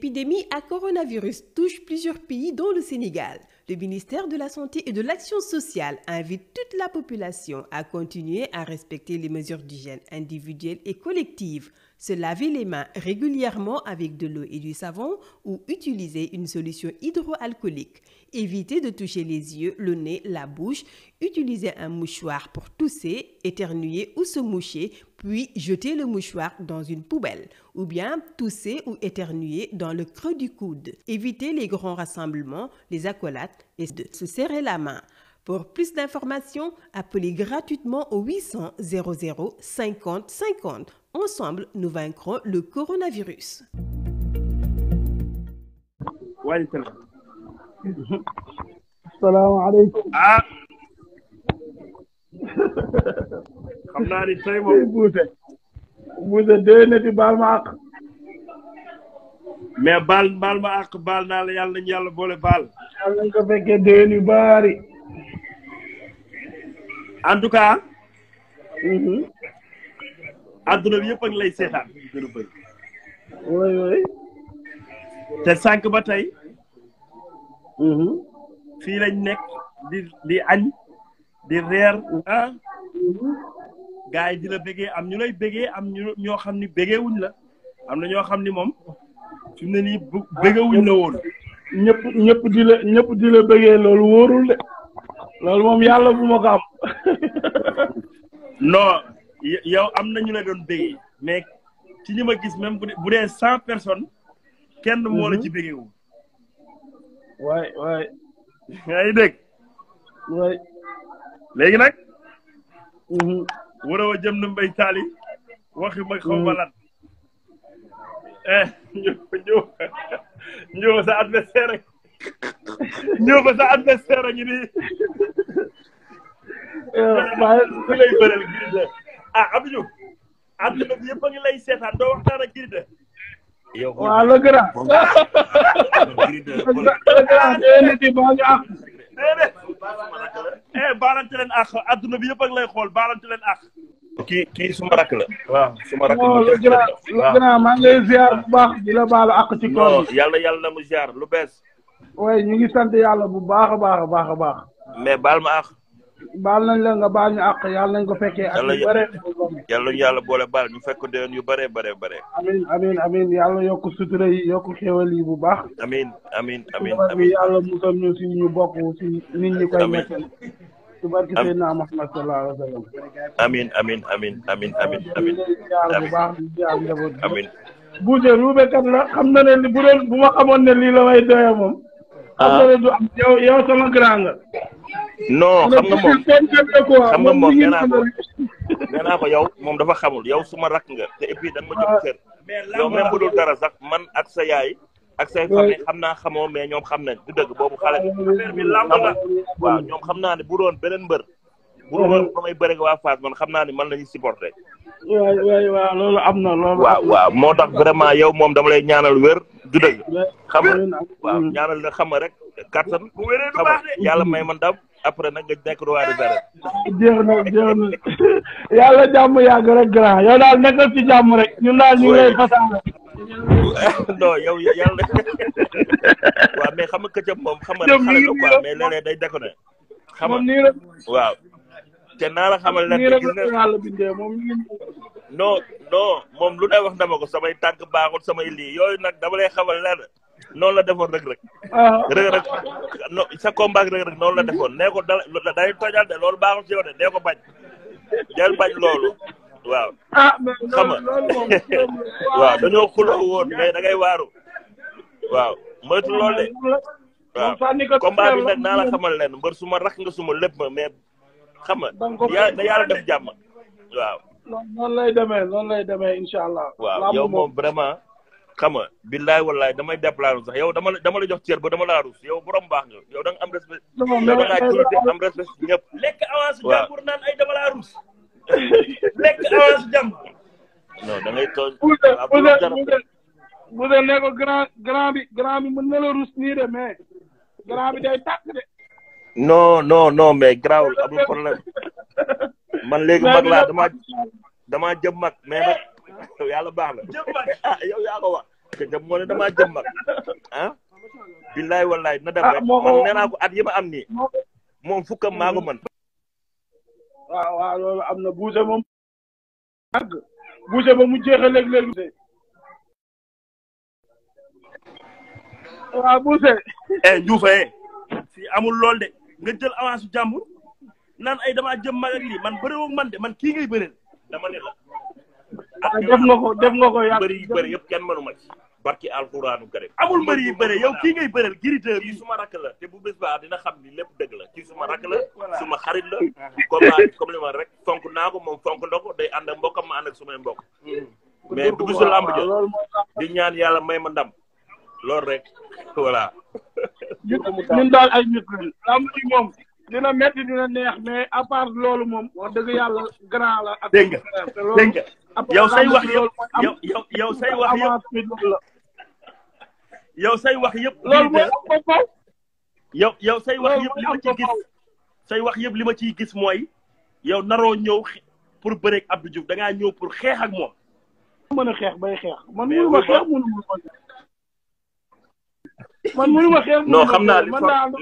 L'épidémie à coronavirus touche plusieurs pays dont le Sénégal. Le ministère de la Santé et de l'Action sociale invite toute la population à continuer à respecter les mesures d'hygiène individuelles et collective se laver les mains régulièrement avec de l'eau et du savon ou utiliser une solution hydroalcoolique. Évitez de toucher les yeux, le nez, la bouche. Utilisez un mouchoir pour tousser, éternuer ou se moucher, puis jetez le mouchoir dans une poubelle. Ou bien tousser ou éternuer dans le creux du coude. Évitez les grands rassemblements, les accolades et de se serrer la main. Pour plus d'informations, appelez gratuitement au 800 00 50 50. Ensemble, nous vaincrons le coronavirus. salaamaaleykum. ah. xam naa ni tey moom. buuse. buuse déenati baal ma àq. mais baal baal ma àq baal naa la yàlla nañu yàlla boole baal. yàlla nañu ko fekkee déen yu baari. en tout cas. Mm-hmm. adduna bi yëpp a ngi lay seetaan gën a te sànq ba tey. Mm-hmm. fii lañ nekk di di añ di reer ah mm-hmm. gars yi di la bëggee am ñu lay bëggee am ñoo xam ni bëggee wuñ la am na ñoo xam ni moom fi mu ne nii bëggee wuñ la woon. ñëpp ñëpp di la ñëpp wóorul de loolu moom yàlla bu ma ko am. non yow am na ñu la doon bëggee mais ci ñi ma gis même bu dee cent personnes kenn moo la mm-hmm. ci bëggee wu. waay waay. yaa ngi dégg. waay. léegi nag. Mm-hmm. waroo jëm na mbay taali. waxi mag xaw ma mm-hmm. lan. eh ñëw ñëw ñëw sa adversaire rek ñëw sa adversaire rek maa ngi lay bëreel Gris ah Abdou Diouf. àdduna bi yëpp a ngi lay seetaan doo waxtaan ak yow waaw le grand. le grand tey nit yi baax ak adduna bi yëpp ak lay xool baalante leen ak. kii kii suma rakk la. waaw suma rakk oh, la le grand le baax di la baalu ak ci kaw. yàlla yàlla na mu ziar lu bees. waaye ñu ngi sant yàlla bu baax a baax a baax a baax. mais baal ma baal nañ la nga baal ñu àq yàlla nañ ko fekkee. ak yu bare yàlla yàlla boole baal ñu fekk déwén yu bare bare bare. amiin amiin amiin yàlla yokk sutura yi yokk xéwal yi bu baax. amiin amiin amiin amiin yàlla musal ñu si ñu bokk si nit ñi koy nekk. su barke Seydina Muhammad sallallahu alayhi wa sallam. amiin amiin amiin amiin amiin amiin amiin amiin amiin. Boucher ruubekat la xam na ne bu doon bu ma xamoon ne lii la may doyee moom. affaire ah. du sama grand non xam nga moom xam nga moom nee naa yow moom dafa xamul yow suma rakk nga te et puis dañ ma jox ah. cër. yow même bu dul sax man ak sa yaay. ak say xam naa xamoo mais ñoom xam ne du dëgg boobu xale. bi lamb la xam naa ne bu doon beneen mbër. bu doon damay bëre ak waa Fass man xam naa ne man la ñuy supporté. waaw waaw loolu am moo tax vraiment yow moom dama lay ñaanal wér. du dëgg xam nga waaw mm. ñaanal la xam nga rek kattan xam nga yàlla may man dam après nag nga nekk roi des arènes. jeex na jeex na yàlla jàmm yàgg rek grand yow daal nekkal ci jàmm rek ñun daal ñu ngi lay fasaale. non yow yàlla waaw mais xam nga moom xam nga xale la day déconné. xam nga waaw. te naa la xamal nag gis nga moom lu day wax dama ko samay tànk baaxul samay lii yooyu nag dama lay xamal lenn noonu la defoon rek rek. Ah. rek rek no sa combat rek rek noonu la defoon nee ko da day loolu baaxul ci yow de nee ko bañ del bañ loolu waaw. Ah, xam nga waaw dañoo xuloo woon mais da ngay waaru waaw moytu loolu de. waaw combat bi nag naa la xamal leen mbër suma rax nga suma lépp ma mais. xam nga da yàlla def jàmma waaw. noonu lay demee noonu lay demee incha allah. waaw yow moom vraiment. xam nga billaay wallaay damay déplacé sax yow dama la dama la jox cër ba dama laa rus yow borom baax nga yow da nga am respect. da nga am respect ñëpp. lekk avance jàmbur naan ay dama ko grand grand bi grand bi la rus nii de mais. grand bi day tàkk de. non non non mais grawul amul problème man léegi mag laa damaa damaa jëm mag mais nag yàlla baax na jëm mag ah yow yaa ko wax te moo ah? ah, ko at yi ma am nii moom fukkam maa ko buuse moom mu jeexe léeg-léeg waaw buuse eh Diouf eh amul lool de nga jël avance su jàmbur naan ay damaa jëm mag ak lii man bëre man de man kii ngay bëreel dama ne la. def nga ko def nga ko yàq bëri yi bëri yëpp kenn mënu ma ci. barki alxuraanu karim amul mbëri yi bëre yow kii ngay bëreel giriteur kii suma rakk la te bu bés baa dina xam ni lépp dëgg la kii suma rakk la suma xarit la comme comme li ma rek fonk naa ko moom fonk na ko day ànd ak mbokkam ma ànd ak sumay mbokk mm. mais dugg si làmb ja di ñaan yàlla may ma ndam loolu rek voilà ñun daal ay nit lañ neex mais à part loolu moom dëgg yàlla grand la ak dégg nga dégg nga yow wax yow yow yow say wax yëpp yow say wax yëpp loolu mooy am bopp yow say wax yëpp li ma ci gis mooy yow naroo ñëw pour bëreeg Abdou Diouf da ngaa ñëw pour xeex moom mën a xeex bay xeex man mënu ma xeex man mënu ma xeex xam naa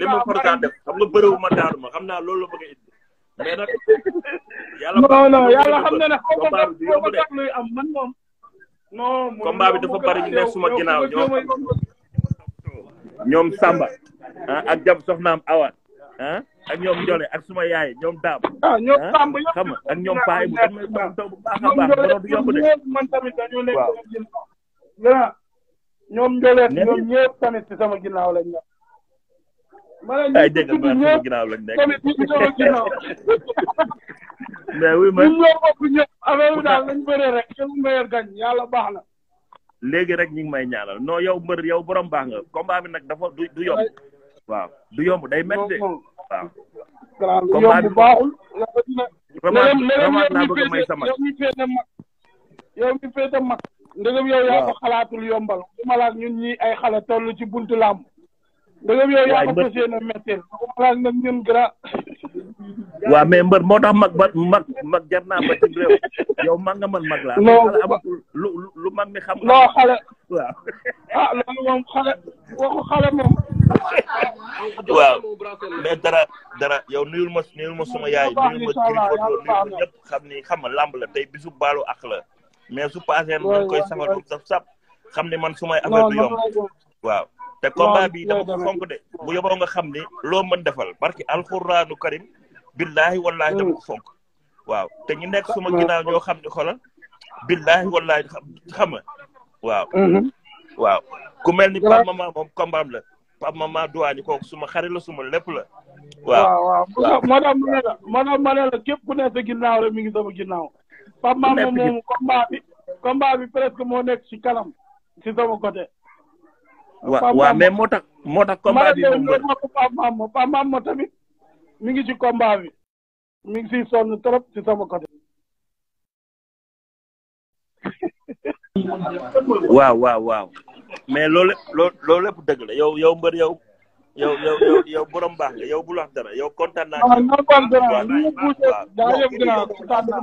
li ma forkaan def xam nga bëréwu ma daanu ma xam naa loolu la bëgg a indi mais nag yàlla non non yàlla na ne xaw ma ko sax luy am man moom bari nekk suma ginnaaw ñoom Samba ah ak jab soxnaam Awa ah ak ñoom Ndiolé ak suma yaay ñoom Daam ah, ah, xam ak ñoom Paa yi mu baax a baax mënoo du yomb de ñoom Ndiolet ñoom ñëpp tamit ci sama ginnaaw lañ nekk. ma ne ñu tudd ñëpp tamit ñu ngi sama ginnaaw. mais oui ñëpp affaire daal lañ bëree rek kenn meilleur gañ yàlla baax na. léegi rek ñu may ñaanal non yow mbër yow borom baax nga combat bi nag dafa du du yomb. waaw du yomb day métti. waaw combat baaxul. vraiment vraiment naa bëgg a may sama yow mi féete mag yow mi féete mag. ndegam yow yaa ko xalaatul yombal xumalaak ñun ñi ay xale toll ci buntu làmb ndegam yow yaa ko fas na métteel xumalaak nag ñun gra waaw mais mbër moo tax mag ba mag mag jar naa ba ci mag nga mag laa lu lu mag mi xam loo xale waaw ah loolu moom xale moom waaw dara dara yow nuyul ma nuyul suma yaay nuyul ma kii nuyul xam ni xam làmb la tey bisu baalu ak la mais su paasee man koy safal saf saf xam ne man su may affaire du waaw te combat bi dama ko fonk de bu yoboo nga xam ne loo mën defal barki alxuraanu karim billaahi wallaahi dama ko mm. fonk waaw te ñu nekk suma mm. ginnaaw ñoo xam ne xoolal billaahi wallaahi xam nga waaw mm-hmm. waaw ku mel ni Pape Maman moom kombaam la Pape Maman Douane kooku suma xarit la suma lépp la waaw waaw madame ma ne la ku nekk a ginnaaw rek mi ngi sama ginnaaw Pape Mamadou moomu combat bi combat bi presque moo nekk si kanam si sama côté. waaw waaw mais moo tax moo tax combat bi moom la Pape Mamadou Pape Mamadou tamit mi ngi ci combat bi mi ngi siy sonn trop si sama côté. waaw waaw waaw mais loolu loolu lépp dëgg la yow yow mbër yow yow yow yow yow borom baax nga yow bul wax dara yow kontaan naa. waaw non kontaan naa waaw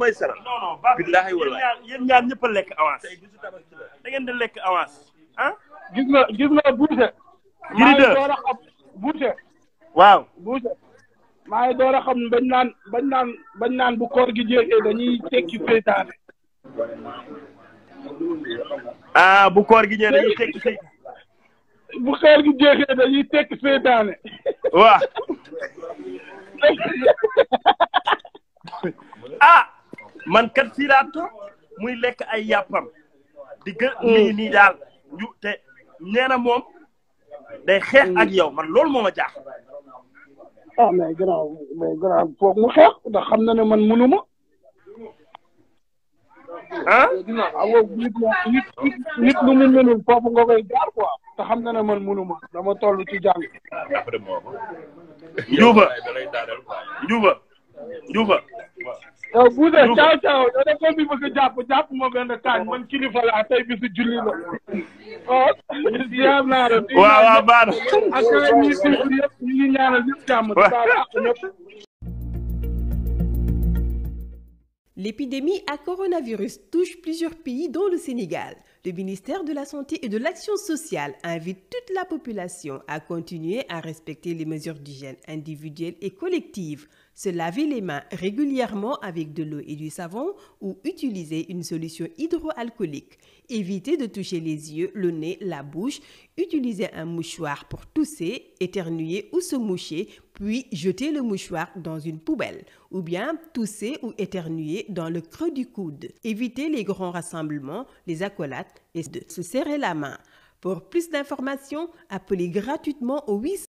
may sara. non non baax billaahi wallaahi yéen ñaar ñëpp a lekk avance. da ngeen di lekk avance ah. gis nga gis nga Boucher. Gris 2 maa ngi door a xam Boucher. waaw Boucher. maa door a xam bañ naan bañ naan bu koor gi jeexee dañuy tekki seytaane. ah bu koor gi jeexee dañuy tekki seytaane. bu xeer gi jeexee dañuy tekki seetaane. waaw. ah man kat fii muy lekk ay yàppam. di gë lii mm. nii daal ñu te nee moom day xeex ak mm. yow man loolu moo ma jaax. ah mais gannaaw foog mu xeex ndax xam na ne man mënu ma. ah awo nit nit nit lu mu mënul foofu nga koy jaar quoi te xam na man mënuma dama toll ci jàng njuuba njuuba eh, njuuba waaw Bouta caaw caaw yow da ko fi bëgg a jàpp jàpp ma benn tànn man kilifa laa tey bisu julli la oh ziar naa la. waaw na. ak ñi ñu ngi ñaanal ñëpp L'épidémie à coronavirus touche plusieurs pays dont le Sénégal. Le ministère de la Santé et de l'Action sociale invite toute la population à continuer à respecter les mesures d'hygiène individuelles et collectives, se laver les mains régulièrement avec de l'eau et du savon ou utiliser une solution hydroalcoolique, éviter de toucher les yeux, le nez, la bouche, utiliser un mouchoir pour tousser, éternuer ou se moucher puis jeter le mouchoir dans une poubelle ou bien tousser ou éternuer dans le creux du coude. Évitez les grands rassemblements, les accolades et se serrer la main. Pour plus d'informations, appelez gratuitement au